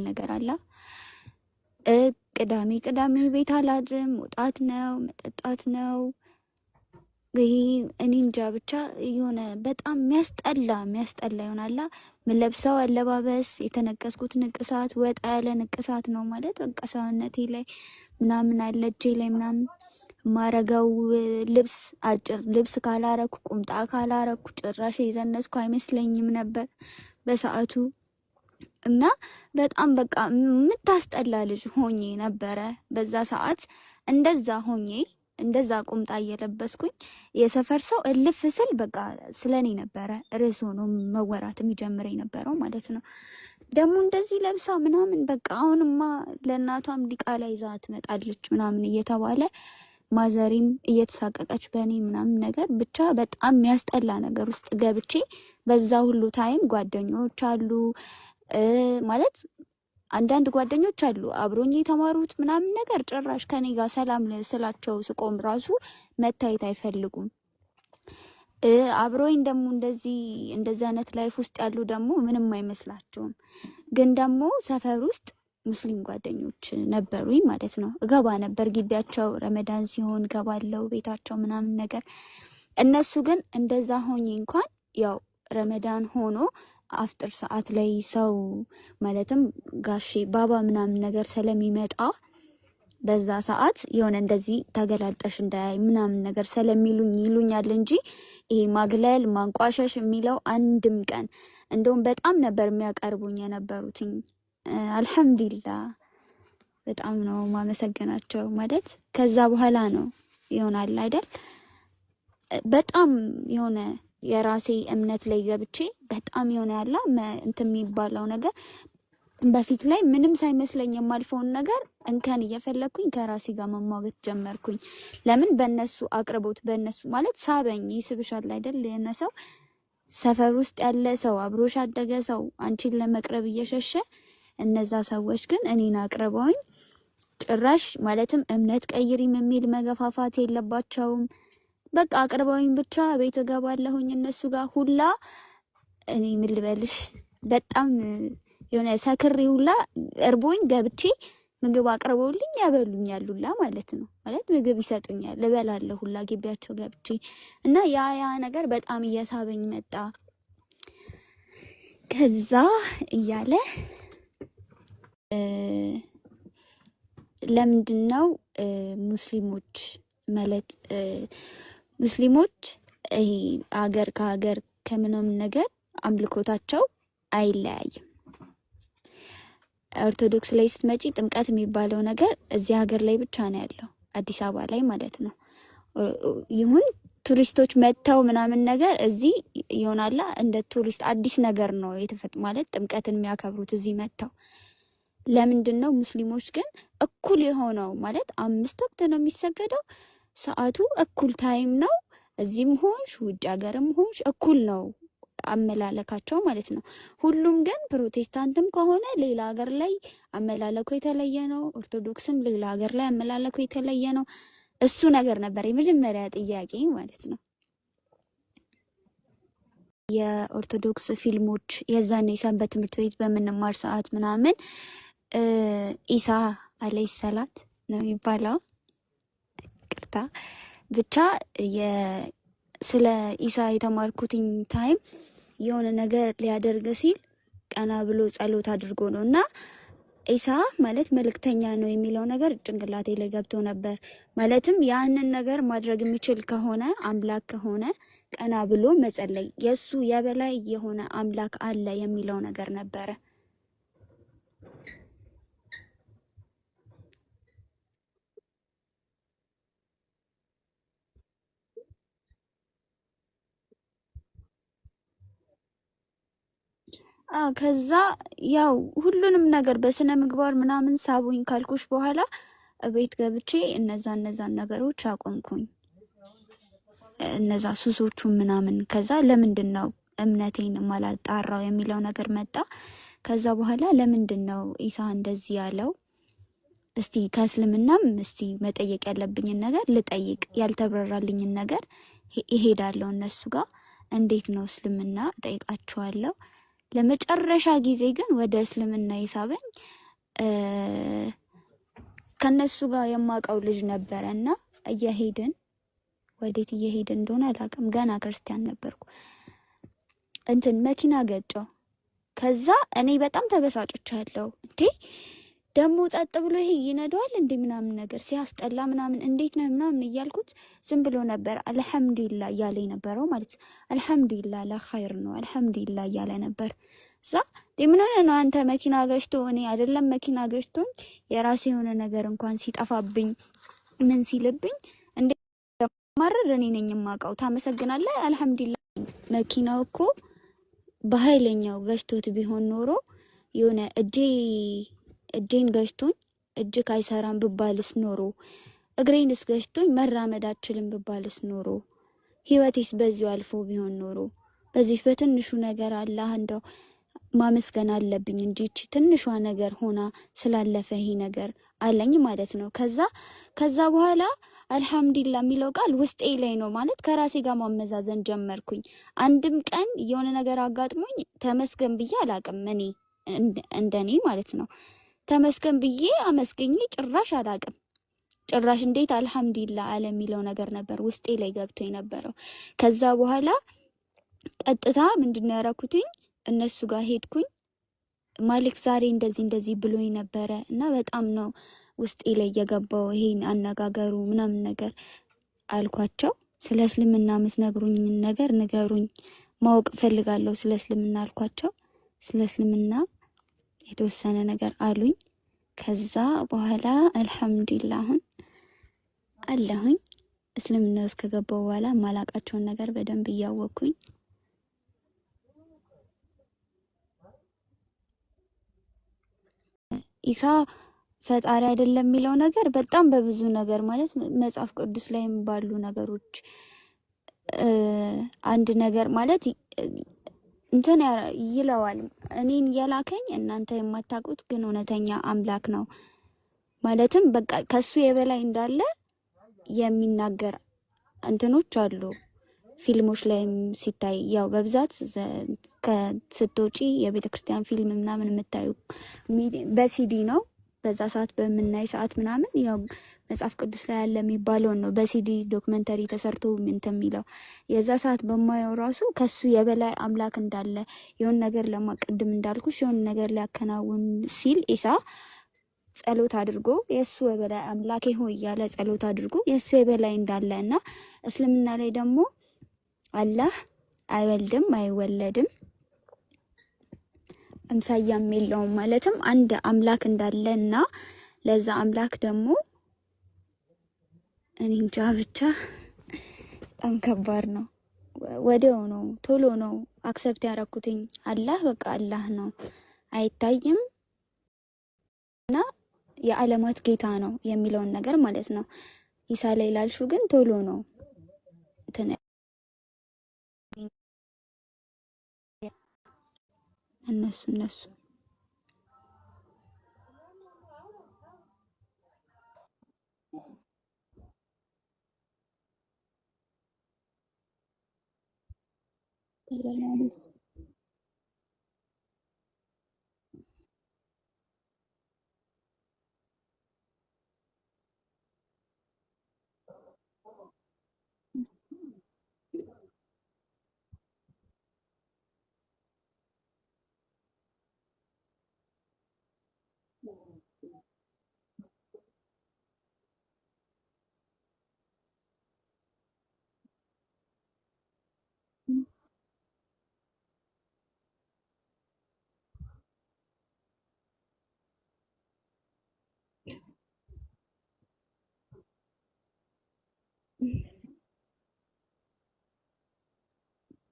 የሚባል ነገር አላ ቅዳሜ ቅዳሜ ቤት አላድርም። መውጣት ነው መጠጣት ነው። ይህ እኔ እንጃ ብቻ የሆነ በጣም የሚያስጠላ የሚያስጠላ ይሆናላ። ምለብሰው አለባበስ የተነቀስኩት ንቅሳት ወጣ ያለ ንቅሳት ነው ማለት በቃ ሰውነቴ ላይ ምናምን አለ እጄ ላይ ምናምን ማረገው ልብስ አጭር ልብስ ካላረኩ ቁምጣ ካላረኩ ጭራሽ የዘነስኩ አይመስለኝም ነበር በሰዓቱ። እና በጣም በቃ የምታስጠላ ልጅ ሆኜ ነበረ በዛ ሰዓት። እንደዛ ሆኜ እንደዛ ቁምጣ እየለበስኩኝ የሰፈር ሰው እልፍ ስል በቃ ስለኔ ነበረ ርዕስ ሆኖ መወራት የሚጀምር የነበረው ማለት ነው። ደግሞ እንደዚህ ለብሳ ምናምን በቃ አሁንማ ለእናቷም ዲቃላ ይዛ ትመጣለች ምናምን እየተባለ ማዘሪም እየተሳቀቀች በእኔ ምናምን ነገር ብቻ በጣም የሚያስጠላ ነገር ውስጥ ገብቼ በዛ ሁሉ ታይም ጓደኞች አሉ ማለት አንዳንድ ጓደኞች አሉ አብሮኝ የተማሩት ምናምን ነገር ጭራሽ ከኔ ጋር ሰላም ስላቸው ስቆም ራሱ መታየት አይፈልጉም። አብሮኝ ደግሞ እንደዚህ እንደዚህ አይነት ላይፍ ውስጥ ያሉ ደግሞ ምንም አይመስላቸውም። ግን ደግሞ ሰፈር ውስጥ ሙስሊም ጓደኞች ነበሩኝ ማለት ነው። እገባ ነበር ግቢያቸው፣ ረመዳን ሲሆን ገባለው ቤታቸው ምናምን ነገር። እነሱ ግን እንደዛ ሆኜ እንኳን ያው ረመዳን ሆኖ አፍጥር ሰዓት ላይ ሰው ማለትም ጋሼ ባባ ምናምን ነገር ስለሚመጣ በዛ ሰዓት የሆነ እንደዚህ ተገላልጠሽ እንዳያይ ምናምን ነገር ስለሚሉኝ ይሉኛል እንጂ ይሄ ማግለል ማንቋሸሽ የሚለው አንድም ቀን እንደውም በጣም ነበር የሚያቀርቡኝ የነበሩትኝ። አልሐምዱሊላ በጣም ነው ማመሰገናቸው። ማለት ከዛ በኋላ ነው ይሆናል አይደል በጣም የሆነ የራሴ እምነት ላይ ገብቼ በጣም የሆነ ያለ እንትን የሚባለው ነገር በፊት ላይ ምንም ሳይመስለኝ የማልፈውን ነገር እንከን እየፈለግኩኝ ከራሴ ጋር መሟገት ጀመርኩኝ። ለምን በእነሱ አቅርቦት በእነሱ ማለት ሳበኝ። ይስብሻል አይደል? የሆነ ሰው ሰፈር ውስጥ ያለ ሰው አብሮሽ አደገ ሰው አንቺን ለመቅረብ እየሸሸ እነዛ ሰዎች ግን እኔን አቅርበውኝ ጭራሽ ማለትም እምነት ቀይሪም የሚል መገፋፋት የለባቸውም። በቃ አቅርበውኝ ብቻ ቤት እገባለሁኝ እነሱ ጋር ሁላ እኔ ምን ልበልሽ በጣም የሆነ ሰክሬ ሁላ እርቦኝ ገብቼ ምግብ አቅርበውልኝ ያበሉኛል ሁላ ማለት ነው። ማለት ምግብ ይሰጡኛል ልበላለሁ ሁላ ግቢያቸው ገብቼ እና ያ ያ ነገር በጣም እየሳበኝ መጣ። ከዛ እያለ ለምንድን ነው ሙስሊሞች ማለት ሙስሊሞች ይሄ ሀገር ከሀገር ከምናምን ነገር አምልኮታቸው አይለያይም። ኦርቶዶክስ ላይ ስትመጪ ጥምቀት የሚባለው ነገር እዚህ ሀገር ላይ ብቻ ነው ያለው፣ አዲስ አበባ ላይ ማለት ነው። ይሁን ቱሪስቶች መጥተው ምናምን ነገር እዚህ ይሆናላ እንደ ቱሪስት አዲስ ነገር ነው የተፈጥ ማለት ጥምቀትን የሚያከብሩት እዚህ መጥተው ለምንድን ነው ሙስሊሞች ግን እኩል የሆነው ማለት አምስት ወቅት ነው የሚሰገደው ሰዓቱ እኩል ታይም ነው። እዚህም ሆንሽ ውጭ ሀገርም ሆንሽ እኩል ነው አመላለካቸው ማለት ነው። ሁሉም ግን ፕሮቴስታንትም ከሆነ ሌላ ሀገር ላይ አመላለኩ የተለየ ነው። ኦርቶዶክስም ሌላ ሀገር ላይ አመላለኩ የተለየ ነው። እሱ ነገር ነበር የመጀመሪያ ጥያቄ ማለት ነው። የኦርቶዶክስ ፊልሞች የዛን የሰንበት ትምህርት ቤት በምንማር ሰዓት ምናምን ኢሳ አለይ ሰላት ነው የሚባለው ይቅርታ ብቻ ስለ ኢሳ የተማርኩትኝ ታይም የሆነ ነገር ሊያደርግ ሲል ቀና ብሎ ጸሎት አድርጎ ነው እና ኢሳ ማለት መልእክተኛ ነው የሚለው ነገር ጭንቅላቴ ላይ ገብቶ ነበር። ማለትም ያንን ነገር ማድረግ የሚችል ከሆነ አምላክ ከሆነ ቀና ብሎ መጸለይ የእሱ የበላይ የሆነ አምላክ አለ የሚለው ነገር ነበረ። ከዛ ያው ሁሉንም ነገር በስነ ምግባር ምናምን ሳቡኝ ካልኩሽ በኋላ ቤት ገብቼ እነዛ እነዛን ነገሮች አቆምኩኝ። እነዛ ሱሶቹ ምናምን ከዛ ለምንድን ነው እምነቴን ማላጣራው የሚለው ነገር መጣ። ከዛ በኋላ ለምንድን ነው ኢሳ እንደዚህ ያለው? እስቲ ከእስልምናም እስቲ መጠየቅ ያለብኝን ነገር ልጠይቅ፣ ያልተብረራልኝን ነገር ይሄዳለው እነሱ ጋር። እንዴት ነው እስልምና እጠይቃችኋለሁ ለመጨረሻ ጊዜ ግን ወደ እስልምና ይሳበኝ ከነሱ ጋር የማውቀው ልጅ ነበረ እና እየሄድን ወዴት እየሄድን እንደሆነ አላውቅም። ገና ክርስቲያን ነበርኩ። እንትን መኪና ገጨው። ከዛ እኔ በጣም ተበሳጮቻለሁ እንዴ ደግሞ ጸጥ ብሎ ይሄ ይነደዋል እንዴ ምናምን ነገር ሲያስጠላ ምናምን እንዴት ነው ምናምን እያልኩት ዝም ብሎ ነበር። አልሐምዱሊላ እያለ ነበረው ማለት ነው። አልሐምዱሊላ ለኸይር ነው አልሐምዱሊላ እያለ ነበር። እዛ ምንሆነ ነው አንተ መኪና ገጭቶ እኔ አይደለም መኪና ገጭቶኝ የራሴ የሆነ ነገር እንኳን ሲጠፋብኝ ምን ሲልብኝ እንዴ ማረር እኔ ነኝ የማውቀው። ታመሰግናለህ። አልሐምዱላ መኪናው እኮ በኃይለኛው ገጭቶት ቢሆን ኖሮ የሆነ እጄ እጄን ገጭቶኝ እጅግ አይሰራም ብባልስ ኖሮ እግሬንስ ገጭቶኝ መራመድ አልችልም ብባልስ ኖሮ ህይወቴስ በዚሁ አልፎ ቢሆን ኖሮ በዚህ በትንሹ ነገር አላህ እንደው ማመስገን አለብኝ እንጂ እቺ ትንሿ ነገር ሆና ስላለፈ ይሄ ነገር አለኝ ማለት ነው። ከዛ ከዛ በኋላ አልሐምዱሊላ የሚለው ቃል ውስጤ ላይ ነው ማለት ከራሴ ጋር ማመዛዘን ጀመርኩኝ። አንድም ቀን የሆነ ነገር አጋጥሞኝ ተመስገን ብዬ አላቅም እኔ እንደኔ ማለት ነው። ተመስገን ብዬ አመስገኝ ጭራሽ አላቅም። ጭራሽ እንዴት አልሐምዲላ አለ የሚለው ነገር ነበር ውስጤ ላይ ገብቶ የነበረው። ከዛ በኋላ ቀጥታ ምንድነው ያረኩትኝ እነሱ ጋር ሄድኩኝ። ማሊክ ዛሬ እንደዚህ እንደዚህ ብሎኝ ነበረ እና በጣም ነው ውስጤ ላይ የገባው ይሄን አነጋገሩ ምናምን ነገር አልኳቸው። ስለ እስልምና ምትነግሩኝ ነገር ንገሩኝ፣ ማወቅ ፈልጋለሁ ስለ እስልምና አልኳቸው። ስለ እስልምና የተወሰነ ነገር አሉኝ። ከዛ በኋላ አልሐምዱሊላ አሁን አለሁኝ። እስልምና ውስጥ ከገባው በኋላ ማላቃቸውን ነገር በደንብ እያወቅኩኝ ኢሳ ፈጣሪ አይደለም የሚለው ነገር በጣም በብዙ ነገር ማለት መጽሐፍ ቅዱስ ላይም ባሉ ነገሮች አንድ ነገር ማለት እንትን ይለዋል። እኔን የላከኝ እናንተ የማታውቁት ግን እውነተኛ አምላክ ነው ማለትም በቃ ከሱ የበላይ እንዳለ የሚናገር እንትኖች አሉ። ፊልሞች ላይም ሲታይ ያው በብዛት ስትወጪ የቤተ ክርስቲያን ፊልም ምናምን የምታዩ በሲዲ ነው በዛ ሰዓት በምናይ ሰዓት ምናምን ያው መጽሐፍ ቅዱስ ላይ ያለ የሚባለውን ነው በሲዲ ዶክመንተሪ ተሰርቶ እንትን የሚለው የዛ ሰዓት በማየው ራሱ ከሱ የበላይ አምላክ እንዳለ የሆን ነገር ለማቅድም እንዳልኩሽ የሆን ነገር ሊያከናውን ሲል ኢሳ ጸሎት አድርጎ የእሱ የበላይ አምላኬ ሆይ እያለ ጸሎት አድርጎ የእሱ የበላይ እንዳለ እና እስልምና ላይ ደግሞ አላህ አይወልድም አይወለድም እምሳያም የለውም ማለትም አንድ አምላክ እንዳለ እና ለዛ አምላክ ደግሞ እኔ እንጃ ብቻ በጣም ከባድ ነው። ወዲያው ነው ቶሎ ነው አክሰብት ያረኩትኝ። አላህ በቃ አላህ ነው አይታይም እና የዓለማት ጌታ ነው የሚለውን ነገር ማለት ነው። ኢሳ ላይ ላልሹ ግን ቶሎ ነው እነሱ እነሱ ሰላም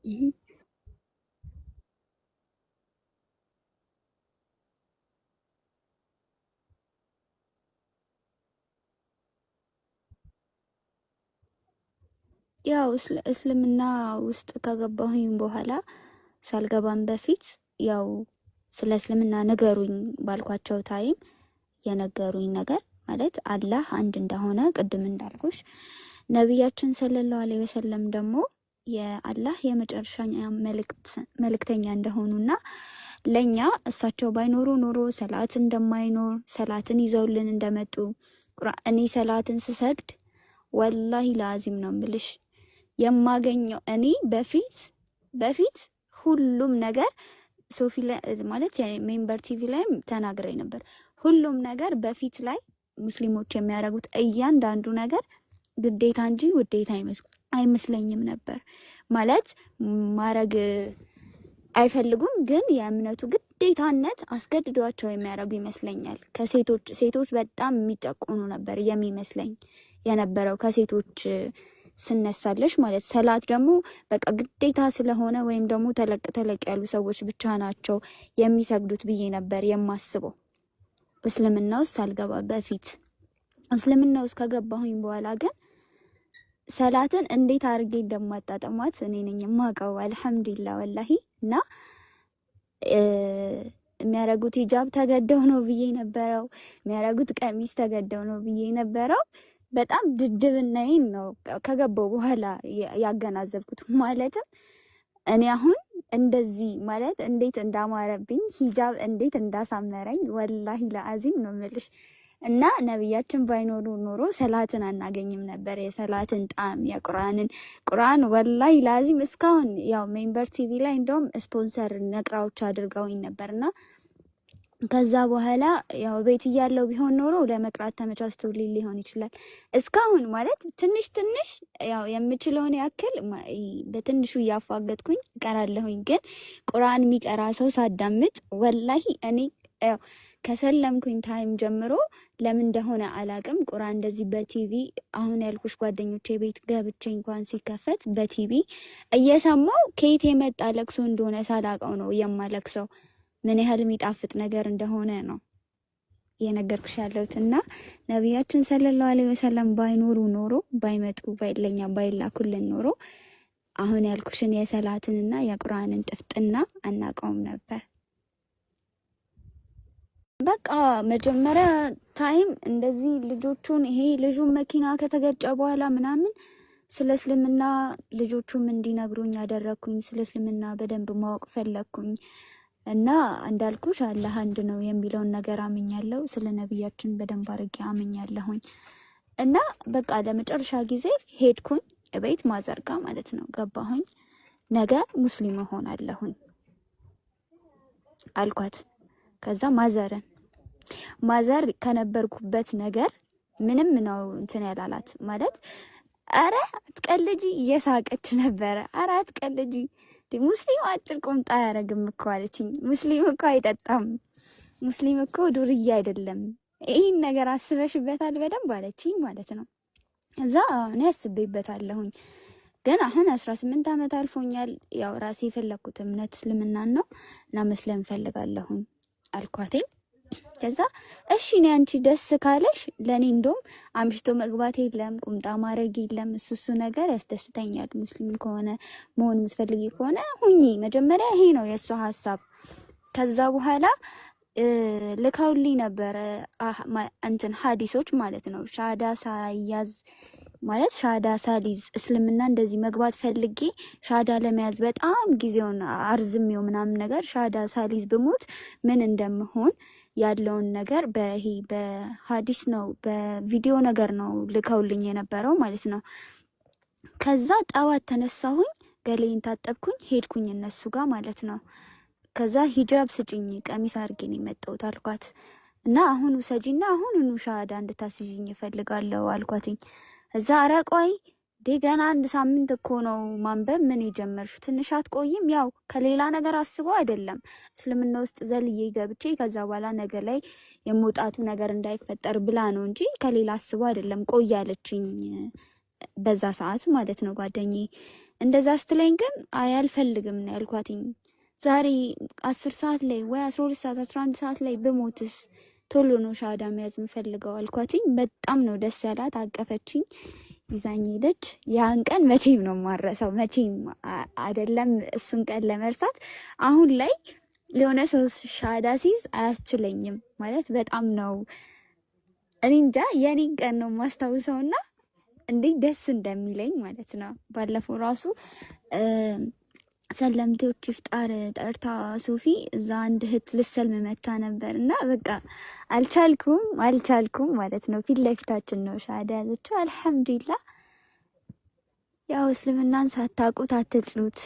Mm-hmm. ያው እስልምና ውስጥ ከገባሁኝ በኋላ ሳልገባም በፊት ያው ስለ እስልምና ነገሩኝ ባልኳቸው ታይም የነገሩኝ ነገር ማለት አላህ አንድ እንደሆነ ቅድም እንዳልኩሽ፣ ነቢያችን ሰለላሁ ዐለይሂ ወሰለም ደግሞ የአላህ የመጨረሻ መልእክተኛ እንደሆኑና ለእኛ እሳቸው ባይኖሩ ኖሮ ሰላት እንደማይኖር ሰላትን ይዘውልን እንደመጡ እኔ ሰላትን ስሰግድ ወላሂ ለአዚም ነው ምልሽ የማገኘው እኔ በፊት በፊት ሁሉም ነገር ሶፊ ማለት ሜምበር ቲቪ ላይም ተናግረኝ ነበር። ሁሉም ነገር በፊት ላይ ሙስሊሞች የሚያደርጉት እያንዳንዱ ነገር ግዴታ እንጂ ውዴታ አይመስለኝም ነበር። ማለት ማረግ አይፈልጉም፣ ግን የእምነቱ ግዴታነት አስገድዷቸው የሚያደርጉ ይመስለኛል። ከሴቶች ሴቶች በጣም የሚጠቁኑ ነበር የሚመስለኝ የነበረው ከሴቶች ስነሳለሽ ማለት ሰላት ደግሞ በቃ ግዴታ ስለሆነ ወይም ደግሞ ተለቅ ተለቅ ያሉ ሰዎች ብቻ ናቸው የሚሰግዱት ብዬ ነበር የማስበው እስልምና ውስጥ ሳልገባ በፊት። እስልምና ውስጥ ከገባሁኝ በኋላ ግን ሰላትን እንዴት አድርጌ እንደማጣጠሟት እኔ ነኝ የማውቀው። አልሐምዱሊላ ወላሂ። እና የሚያደርጉት ሂጃብ ተገደው ነው ብዬ ነበረው። የሚያደርጉት ቀሚስ ተገደው ነው ብዬ ነበረው። በጣም ድድብናይን ነው ከገባው በኋላ ያገናዘብኩት። ማለትም እኔ አሁን እንደዚህ ማለት እንዴት እንዳማረብኝ ሂጃብ እንዴት እንዳሳመረኝ ወላሂ ለአዚም ነው ምልሽ። እና ነቢያችን ባይኖሩ ኖሮ ሰላትን አናገኝም ነበር፣ የሰላትን ጣዕም የቁርአንን ቁርአን ወላይ ለአዚም እስካሁን ያው ሜምበር ቲቪ ላይ እንደውም ስፖንሰር ነቅራዎች አድርገውኝ ነበርና ከዛ በኋላ ያው ቤት እያለው ቢሆን ኖሮ ለመቅራት ተመቻችቶ ሊሆን ይችላል። እስካሁን ማለት ትንሽ ትንሽ ያው የምችለውን ያክል በትንሹ እያፏገጥኩኝ እቀራለሁኝ። ግን ቁርአን የሚቀራ ሰው ሳዳምጥ ወላሂ እኔ ያው ከሰለምኩኝ ታይም ጀምሮ ለምን እንደሆነ አላቅም። ቁርአን እንደዚህ በቲቪ አሁን ያልኩሽ ጓደኞቼ ቤት ገብቼ እንኳን ሲከፈት በቲቪ እየሰማው ከየት የመጣ ለቅሶ እንደሆነ ሳላቀው ነው የማለቅሰው። ምን ያህል የሚጣፍጥ ነገር እንደሆነ ነው እየነገርኩሽ ያለሁት እና ነቢያችን ሰለላሁ ዐለይሂ ወሰለም ባይኖሩ ኖሮ ባይመጡ ባይለኛ ባይላኩልን ኖሮ አሁን ያልኩሽን የሰላትንና የቁርአንን ጥፍጥና አናውቀውም ነበር። በቃ መጀመሪያ ታይም እንደዚህ ልጆቹን ይሄ ልጁን መኪና ከተገጨ በኋላ ምናምን ስለ እስልምና ልጆቹም እንዲነግሩኝ ያደረግኩኝ ስለ እስልምና በደንብ ማወቅ ፈለግኩኝ። እና እንዳልኩሽ አላህ አንድ ነው የሚለውን ነገር አምኛለሁ። ስለ ነቢያችን በደንብ አድርጌ አምኛለሁኝ። እና በቃ ለመጨረሻ ጊዜ ሄድኩኝ እቤት ማዘርጋ ማለት ነው። ገባሁኝ። ነገ ሙስሊም እሆናለሁኝ አልኳት። ከዛ ማዘርን ማዘር ከነበርኩበት ነገር ምንም ነው እንትን ያላላት ማለት አረ አትቀልጂ እየሳቀች ነበረ። አረ አትቀልጂ ሙስሊም አጭር ቁምጣ አያረግም እኮ አለችኝ። ሙስሊም እኮ አይጠጣም፣ ሙስሊም እኮ ዱርዬ አይደለም። ይህን ነገር አስበሽበታል በደንብ አለችኝ ማለት ነው። እዛ እኔ አስቤበታለሁኝ፣ ግን አሁን አስራ ስምንት ዓመት አልፎኛል። ያው ራሴ የፈለግኩት እምነት እስልምናን ነው እና መስለም እፈልጋለሁኝ አልኳቴኝ ከዛ እሺ እኔ አንቺ ደስ ካለሽ ለእኔ እንደውም አምሽቶ መግባት የለም ቁምጣ ማድረግ የለም እሱ እሱ ነገር ያስደስተኛል። ሙስሊም ከሆነ መሆን የምትፈልጊ ከሆነ ሁኚ። መጀመሪያ ይሄ ነው የእሱ ሀሳብ። ከዛ በኋላ ልካውልኝ ነበረ እንትን ሀዲሶች ማለት ነው ሻዳ ሳያዝ ማለት ሻዳ ሳሊዝ እስልምና እንደዚህ መግባት ፈልጌ ሻዳ ለመያዝ በጣም ጊዜውን አርዝሜው ምናምን ነገር ሻዳ ሳሊዝ ብሞት ምን እንደምሆን ያለውን ነገር በይሄ በሀዲስ ነው በቪዲዮ ነገር ነው ልከውልኝ የነበረው ማለት ነው። ከዛ ጠዋት ተነሳሁኝ፣ ገሌን ታጠብኩኝ፣ ሄድኩኝ እነሱ ጋር ማለት ነው። ከዛ ሂጃብ ስጭኝ ቀሚስ አድርጌ ነው የመጣሁት አልኳት እና አሁን ውሰጂና አሁኑኑ ሻሃዳ እንድታስይዥኝ እፈልጋለሁ አልኳትኝ። እዛ አረቋይ እንዴ ገና አንድ ሳምንት እኮ ነው ማንበብ ምን የጀመርሹ? ትንሽ አትቆይም? ያው ከሌላ ነገር አስበው አይደለም እስልምና ውስጥ ዘልዬ ገብቼ ከዛ በኋላ ነገ ላይ የመውጣቱ ነገር እንዳይፈጠር ብላ ነው እንጂ ከሌላ አስበው አይደለም። ቆይ በዛ ሰዓት ማለት ነው ጓደኝ። እንደዛ ስትለኝ ግን አይ አልፈልግም ነው ያልኳትኝ። ዛሬ አስር ሰዓት ላይ ወይ አስራ ሁለት ሰዓት አስራ አንድ ሰዓት ላይ ብሞትስ ቶሎ ነው ሻዳ መያዝ ምፈልገው አልኳትኝ። በጣም ነው ደስ ያላት፣ አቀፈችኝ ይዛኝ ሄደች። ያን ቀን መቼም ነው የማረሰው፣ መቼም አይደለም እሱን ቀን ለመርሳት። አሁን ላይ የሆነ ሰው ሻዳ ሲይዝ አያስችለኝም ማለት በጣም ነው። እኔ እንጃ የኔን ቀን ነው የማስታውሰውና እንዴት ደስ እንደሚለኝ ማለት ነው። ባለፈው ራሱ ሰለምቴዎች ይፍጣር ጠርታ ሶፊ እዛ አንድ እህት ልሰልም መታ ነበር እና በቃ አልቻልኩም አልቻልኩም ማለት ነው። ፊት ለፊታችን ነው ሻደ ያዘችው። አልሐምዱሊላ ያው እስልምናን ሳታውቁት አትጥሉት።